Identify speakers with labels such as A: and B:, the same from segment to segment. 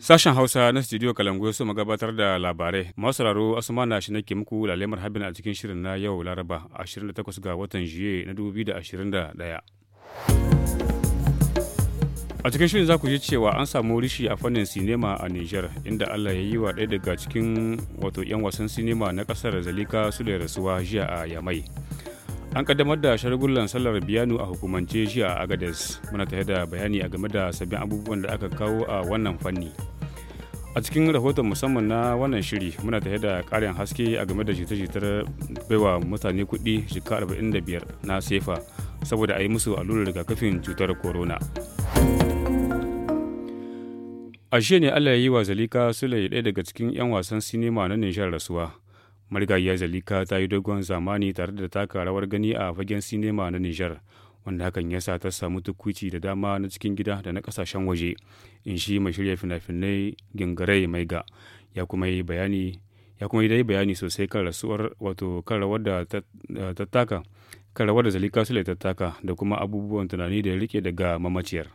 A: Sashen Hausa na Studio Kalangu ya soma gabatar da labarai. Masararo Asmana shi nake muku lalemar habin a cikin shirin na yau Laraba 28 ga watan Juye na 2021. A cikin shirin za ku ji cewa an samu rishi a fannin sinema a Nijar inda Allah ya yi wa ɗaya daga cikin wato 'yan wasan sinema na ƙasar Zalika su da rasuwa jiya a Yamai. an kaddamar da shargullan sallar biyanu a hukumance jiya a agades muna tare da bayani a game da sabbin abubuwan da aka kawo a wannan fanni a cikin rahoton musamman na wannan shiri muna tare da karin haske a game da jita-jitar baiwa mutane kuɗi shika 45 na sefa saboda a yi musu allurar rigakafin cutar corona a ne allah ya yi wa zalika sule ɗaya daga cikin 'yan wasan sinima na nijar rasuwa marigayiya zalika ta yi dogon zamani tare da taka rawar gani a fagen sinema na nijar wanda hakan ya sa ta samu tukuci da dama na cikin gida da na kasashen waje in shi mai shirya fina-finai gingare mai ga ya kuma yi bayani ya kuma yi dai bayani sosai kan rasuwar wato kan rawar da da zalika sule da kuma abubuwan tunani da ya rike daga mamaciyar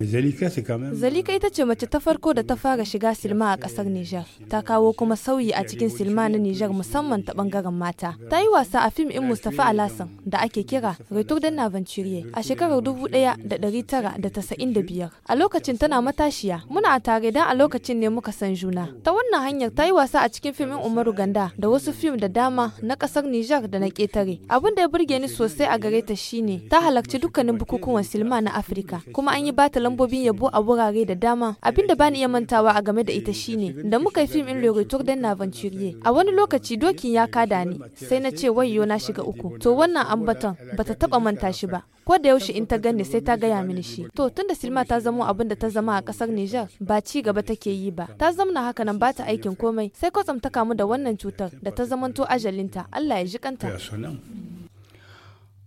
A: Zalika
B: ita ce mace ta farko da ta fara shiga silma a ƙasar Nijar. Ta kawo kuma sauyi a cikin silma na Nijar musamman ta ɓangaren mata. Ta yi wasa a fim ɗin Mustapha Alasan da ake kira Retour de Naventurier a shekarar dubu ɗaya da ɗari tara da tasa'in da biyar. A lokacin tana matashiya, muna a tare dan a lokacin ne muka san juna. Ta wannan hanyar ta yi wasa a cikin fim ɗin Umaru Ganda da wasu fim da dama na ƙasar Nijar da na ƙetare. Abin da ya burge ni sosai a gare ta shine ta halarci dukkanin bukukuwan silma na Afirka kuma an yi bata lambobin yabo a wurare da dama. Abin da bani iya mantawa a game da ita shine da muka yi fim in Le Retour d'un Aventurier. A wani lokaci dokin ya kada ni sai na ce wayyo na shiga uku. To wannan ambaton bata taba manta shi ba. Ko da yaushe in ta gane sai ta gaya mini shi. To tunda silma ta zamo abin da ta zama a kasar niger ba ci gaba take yi ba. Ta zamna haka nan bata aikin komai sai kwatsam ta kamu da wannan cutar da ta zamanto ajalinta. Allah ya ji kanta.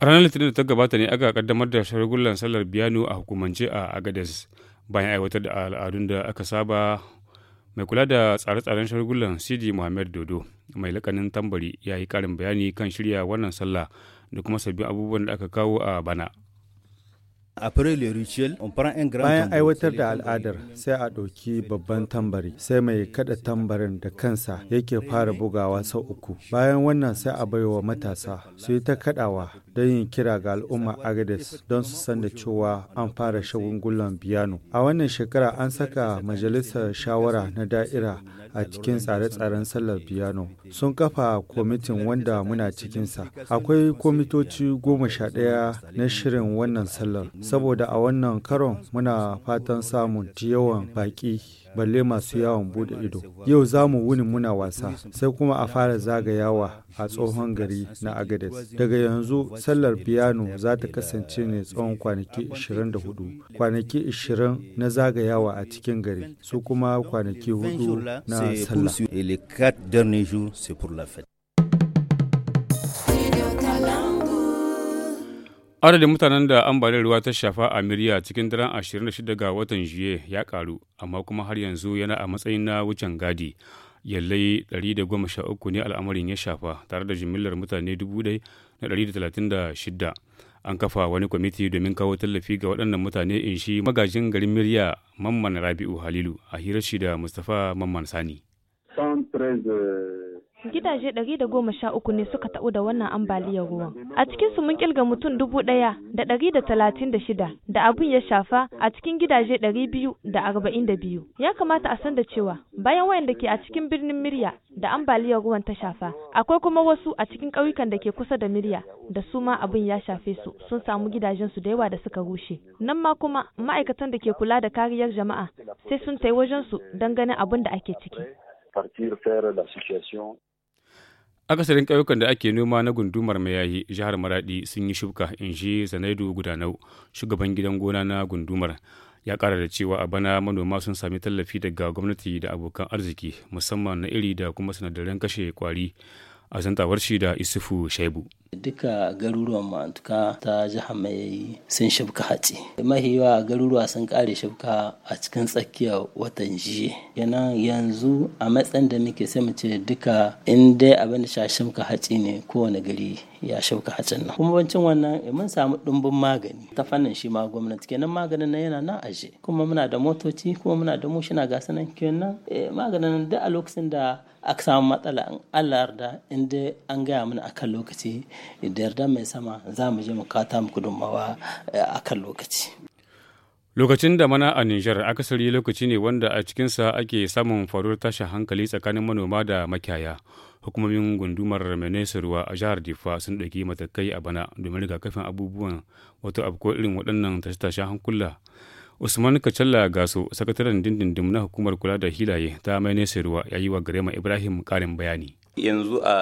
A: ranar Litinin da ta gabata ne aka kaddamar da shagulan sallar biyano a hukumance a Agadez bayan aiwatar da al'adun da aka saba mai kula da tsare-tsaren shagulan Sidi Muhammad Dodo mai lakanin tambari ya yi karin bayani kan shirya wannan sallah da kuma sabbin abubuwan da aka kawo a bana.
C: Bayan aiwatar da al'adar sai a ɗauki babban tambari sai mai kada tambarin da kansa yake fara bugawa sau uku. Bayan wannan sai a baiwa matasa su yi ta kadawa don yin kira ga al'umma Agades don su san da cewa an fara shagungulan biyano. A wannan shekara an saka majalisar shawara na da'ira a cikin tsare-tsaren sallar biyano. Sun kafa kwamitin wanda muna cikinsa. Akwai kwamitoci goma sha ɗaya na shirin wannan sallar. Saboda a wannan karon muna fatan samun yawan baƙi balle masu yawon bude ido yau za mu wuni muna wasa sai kuma a fara zagayawa a tsohon gari na agades daga yanzu sallar biyano za ta kasance ne tsawon kwanaki 24 kwanaki 20 na zagayawa a cikin gari su kuma kwanaki hudu
D: na sallah
A: Adadin mutanen da ambaliyar ruwa ta shafa a Miriya cikin daren 26 ga watan Juye ya karu, amma kuma har yanzu yana a matsayin na wucin gadi. Yallai 113 ne al'amarin ya shafa tare da jimillar mutane 1,136. An kafa wani kwamiti domin kawo tallafi ga waɗannan mutane in shi magajin garin Miriya Mamman Rabi'u Halilu a hirar shi da Mustapha Mamman Sani.
B: Gidaje ɗari da goma sha uku ne suka taɓu da wannan ambaliyar ruwan. A cikin su mun kilga mutum dubu ɗaya da ɗari da talatin da shida da abun ya shafa a cikin gidaje ɗari biyu da arba'in da biyu. Ya kamata a san da cewa bayan wayan da ke a cikin birnin Mirya da ambaliyar ruwan ta shafa, akwai kuma wasu a cikin ƙauyukan da ke kusa da Mirya da su ma abun ya shafe su sun samu gidajensu da yawa da suka rushe. Nan ma kuma ma'aikatan da ke kula da kariyar jama'a sai sun tai wajensu don ganin abun da ake
E: ciki.
A: partir faire l'association akasarin ƙauyukan da ake noma na gundumar mayayi jihar maradi sun yi shuka in ji zanaidu gudanau shugaban gidan gona na gundumar ya ƙara da cewa a bana manoma sun sami tallafi daga gwamnati da abokan arziki musamman na iri da kuma sinadaran kashe kwari a zantawar shi da isufu
D: shaibu duka garuruwan mantuka ta jiha mai sun shafka hatsi mahiwa garuruwa sun kare shafka a cikin tsakiyar watan jiye kenan yanzu a matsayin da muke sai mu ce duka in dai abin da shafka hatsi ne kowane gari ya shauka hatsin nan kuma bancin wannan eh, mun samu ɗumbin magani ta fannin shi ma gwamnati kenan maganin nan yana nan aje kuma muna da motoci kuma muna da mushina ga sanan kenan eh, maganin duk a lokacin da aka samu matsala in Allah yarda in dai an gaya mana akan lokaci da yarda mai sama za mu je mu kata mu gudunmawa eh, akan lokaci
A: Lokacin da mana a Nijar akasari lokaci ne wanda a cikinsa ake samun faruwar tashin hankali tsakanin manoma da makiyaya. Hukumomin gundumar mai ruwa a jihar Difa sun ɗauki matakai a bana domin rigakafin abubuwan wato ko irin waɗannan tashe-tashen hankula. Usman Kacalla Gaso, sakataren dindindim na hukumar kula da hilaye ta mai nesa ruwa ya yi wa Garema Ibrahim ƙarin bayani.
D: yanzu a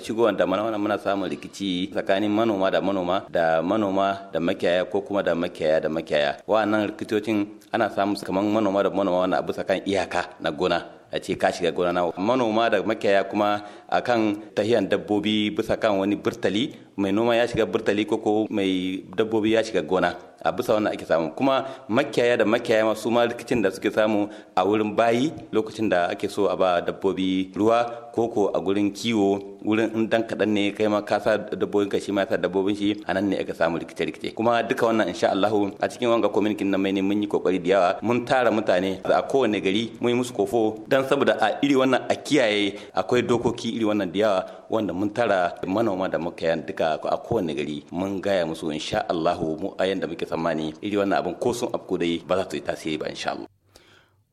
D: shigowar da mana muna samun rikici tsakanin manoma da manoma da manoma da makiyaya ko kuma da makiyaya da makiyaya wa'annan rikitocin ana samun kamar manoma da manoma wani abu kan iyaka na gona a ce ka shiga gona manoma da makiyaya kuma akan tahiyan dabbobi bisa kan wani burtali mai noma ya shiga burtali ko mai dabbobi ya shiga gona a bisa wannan ake samu kuma makiyaya da makiyaya masu ma rikicin da suke samu a wurin bayi lokacin da ake so a ba dabbobi ruwa ko ko a gurin kiwo wurin in dan kaɗan ne kai ma ka sa dabbobin ka shi ma sa dabbobin shi a nan ne aka samu rikice-rikice kuma duka wannan insha Allahu a cikin wanga community na mai ne mun yi kokari da yawa mun tara mutane a kowane gari mun yi musu kofo dan saboda a iri wannan a kiyaye akwai dokoki iri wannan da yawa wanda mun tara manoma da muka yan duka a kowane gari mun gaya musu insha Allahu mu a yanda muke tsammani iri wannan abin ko sun afko dai ba za su yi tasiri ba insha Allah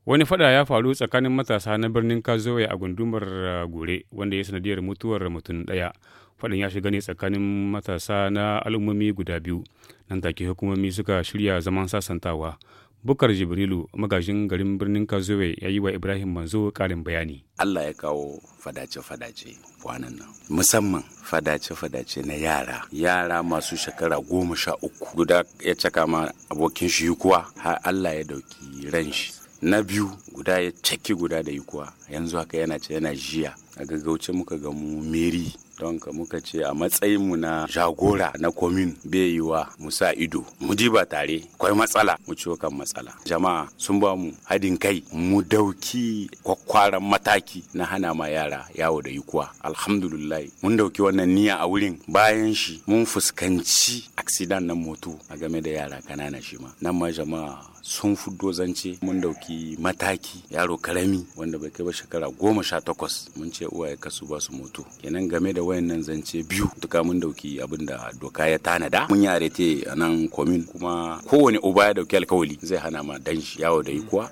A: Wani fada ya faru tsakanin matasa na birnin Kazowe a gundumar uh, Gure wanda ya sanadiyar mutuwar mutum daya Fadan ya shiga ne tsakanin matasa na al'ummomi guda biyu. Nan take hukumomi suka shirya zaman sasantawa. Bukar Jibrilu magajin garin birnin Kazowe ya yi wa Ibrahim Manzo karin bayani. Allah ya kawo fadace-fadace kwanan nan musamman fadace-fadace
E: na yara yara masu shekara goma sha uku guda ya caka ma abokin shi kuwa har Allah ya dauki ran shi na biyu guda ya caki guda da yi kuwa yanzu haka yana ce yana jiya a gaggauce muka ga mu meri don ka muka ce a matsayin mu na jagora na komin bai yi wa Musa ido mu ji ba tare kwai matsala mu ciwo kan matsala jama'a sun ba mu hadin kai mu dauki kwakwaran mataki na hana ma yara yawo da yi kuwa alhamdulillah mun dauki wannan niyya a wurin bayan shi mun fuskanci aksidan na moto a game da yara kanana shi ma nan ma jama'a sun fuddo zance mun dauki mataki yaro karami wanda bai kai ba shekara goma sha takwas mun ce uwaye kasu ba su moto kenan game da wayannan zance biyu duka mun dauki abin da doka ya tanada mun yi arete a nan komin kuma kowane uba ya dauki alkawali zai hana ma danshi yawo da yi kuwa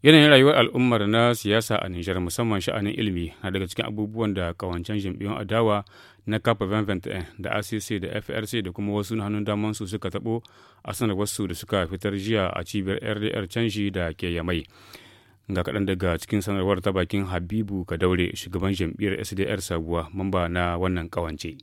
A: Yanayin rayuwar al'ummar na siyasa a Nijar musamman sha'anin ilimi na daga cikin abubuwan da kawancen jam'iyyun adawa na kafa 2021 da ACC da FRC da kuma wasu na hannun daman su suka tabo a sanar wasu da suka fitar jiya a cibiyar RDR canji da ke yamai. Ga kaɗan daga cikin sanarwar ta bakin Habibu Kadaure shugaban jam'iyyar SDR sabuwa mamba na wannan kawance.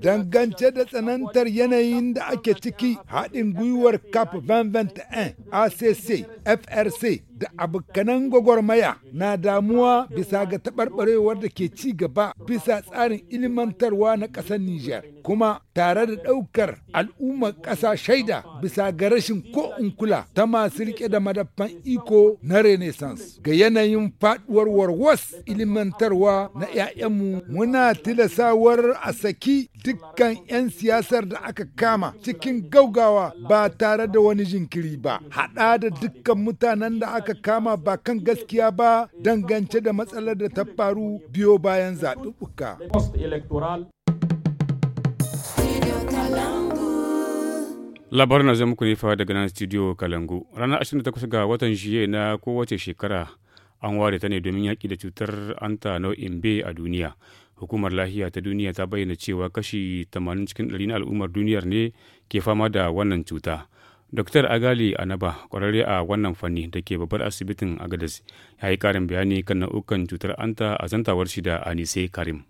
F: Dangance da tsanantar yanayin da ake ciki haɗin gwiwar CAP 2021 ACC FRC da abokanan gwagwarmaya na damuwa bisa ga taɓarɓarewar da ke ci gaba bisa tsarin ilimantarwa na ƙasar Nijar, kuma tare da ɗaukar al'ummar ƙasa shaida bisa ga rashin ko in kula ta masu riƙe da madafan iko na Renaissance ga yanayin faɗuwar warwas ilimantarwa na 'ya'yanmu muna tilasawar a saki dukkan 'yan siyasar da aka kama cikin gaugawa ba tare da wani jinkiri ba haɗa da dukkan mutanen da aka kama ba kan gaskiya ba dangance da matsalar da ta faru biyo bayan zaɓuɓɓuka.
A: labarin na zai muku nefa daga nan studio kalangu ranar 28 ga watan shiye na kowace shekara an ware ta ne domin yaƙi da cutar anta nau'in b a duniya hukumar lahiya ta duniya ta bayyana cewa kashi 80 cikin 100 na al'ummar duniyar ne ke fama da wannan cuta Dr. Agali Anaba, kwararre a wannan fanni da ke babbar asibitin Agadez, ya yi karin bayani kan nau'ukan cutar anta a zantawar shi da Anise Karim.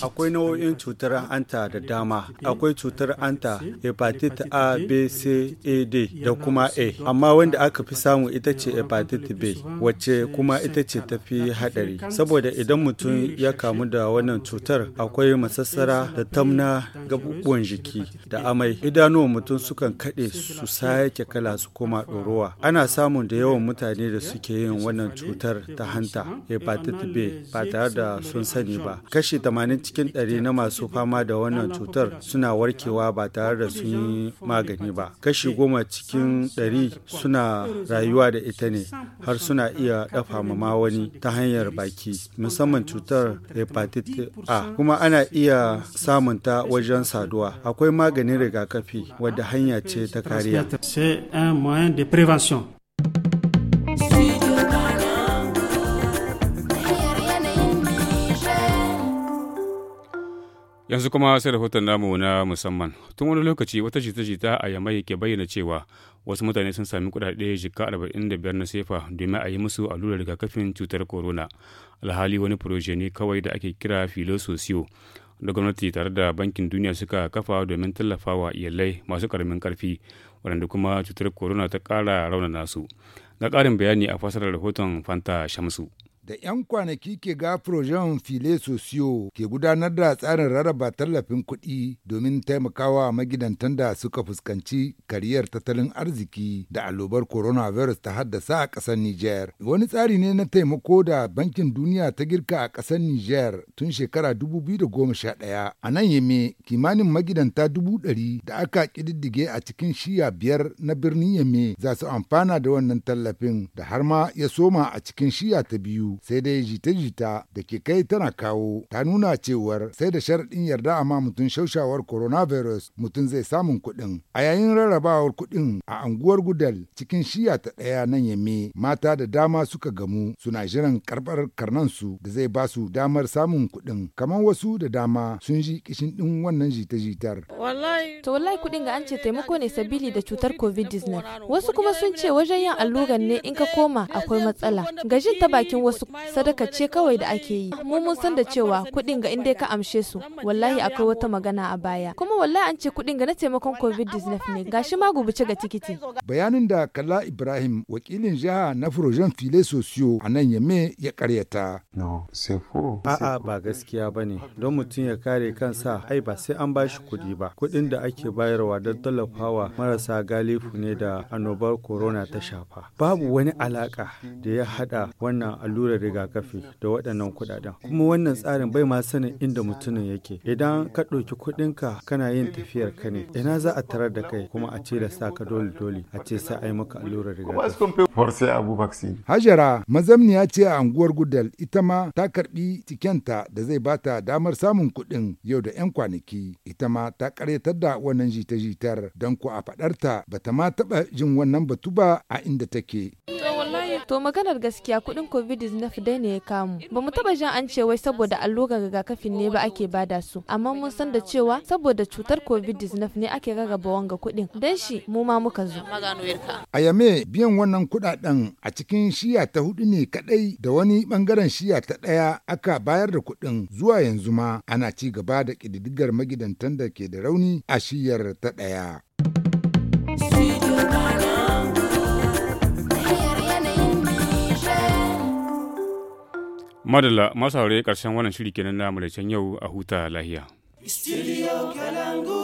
C: Akwai nau'o'in cutar anta da dama. Akwai cutar anta Hepatite A, B, C, A, D da kuma A. Amma wanda aka fi samu ita ce Hepatite B, wacce kuma ita ce ta fi haɗari? Saboda idan mutum ya kamu da wannan cutar, akwai masassara da tamna gabubuwan jiki da amai. Idanuwan mutum sukan kaɗe su sake kala su koma ɗorowa. Ana samun da yawan mutane da suke yin wannan cutar ta hanta Hepatite B ba tare da sun sani ba kashi 80 cikin 100 na masu fama da wannan cutar suna warkewa ba tare da sun yi magani ba kashi goma cikin 100 suna rayuwa da ita ne har suna iya dafa ma wani ta hanyar baki musamman cutar hepatitis a kuma ana iya samun ta wajen saduwa akwai maganin rigakafi wadda hanya ce ta kariya
A: yanzu kuma sai rahoton namu na musamman tun wani lokaci wata jita-jita a yamai ke bayyana cewa wasu mutane sun sami kudade jika 45 na sefa domin a yi musu allurar rigakafin cutar corona alhali wani furoje ne kawai da ake kira filososiyo da gwamnati tare da bankin duniya suka kafa domin tallafawa iyalai masu karamin karfi wadanda kuma cutar corona ta ƙara raunana su ga ƙarin bayani a fasarar rahoton fanta shamsu
F: da 'yan kwanaki ke ga projen file sosiyo ke gudanar da tsarin rarraba tallafin kuɗi domin taimakawa magidantan da suka fuskanci kariyar tattalin arziki da allobar coronavirus ta haddasa a ƙasar niger wani tsari ne na taimako da bankin duniya ta girka a ƙasar niger tun shekara 2011 a nan yame kimanin magidanta dubu ɗari da aka ƙididdige a cikin shiya biyar na birnin yame za su amfana da wannan tallafin da har ma ya soma a cikin shiya ta biyu sai dai jita-jita da ke kai tana kawo ta nuna cewar sai da sharaɗin yarda amma mutum shaushawar coronavirus mutum zai samun kuɗin. A yayin rarrabawar kuɗin a anguwar Gudal cikin shiya ta ɗaya nan Yame mata da dama suka gamu suna jiran karɓar karnansu da zai ba su damar samun kuɗin. Kamar wasu da dama sun ji kishin ɗin wannan jita-jitar. To
B: wallahi kuɗin ga an ce taimako ne sabili da cutar COVID-19. Wasu kuma sun ce wajen yin alluran ne in ka koma akwai matsala. Gajin ta bakin wasu sadaka ce kawai da ake yi mu mun san da cewa kuɗin ga inda ka amshe su wallahi akwai wata magana a baya kuma wallahi an ce kuɗin ga na taimakon covid-19 ne gashi ma gubuce ga tikiti
F: bayanin da kala ibrahim wakilin jiha na furojen file sosiyo a nan yamme ya karyata a'a ba gaskiya
C: ba ne don mutum ya kare kansa ai ba sai an bashi kuɗi ba kuɗin da ake bayarwa don tallafawa marasa galifu ne da annobar corona ta shafa babu wani alaka da ya hada wannan allura. allurar rigakafi da waɗannan kuɗaɗen kuma wannan tsarin bai ma sanin inda mutumin yake idan ka ɗauki kuɗinka kana yin tafiyar ka ne ina za a tarar da kai kuma a ce da sa ka dole dole a ce sai a yi maka allurar rigakafi
F: hajara mazamniya ce a anguwar gudal ita ma ta karbi tikenta da zai bata damar samun kuɗin yau da 'yan kwanaki ita ma ta karyatar da wannan jita-jitar don ko a faɗarta bata ma taɓa jin wannan batu ba a inda take.
B: To maganar gaskiya kudin COVID-19 dai ne ya kamu. Ba mu taba jin an ce wai saboda allurar rigakafin ne ba ake bada su. Amma mun san da cewa saboda cutar COVID-19 ne ake rarraba wanga kudin Dan shi mu ma muka zo.
F: A yame biyan wannan kudaden a cikin shiya ta hudu ne kadai da wani bangaren shiya ta daya aka bayar da kudin zuwa yanzu ma ana ci gaba da kididigar magidantan da ke da rauni a shiyar ta ɗaya.
A: madala masu haure ƙarshen wannan shiri kenan na maraicen yau a huta lahiya.
D: Studio
B: Kalangu.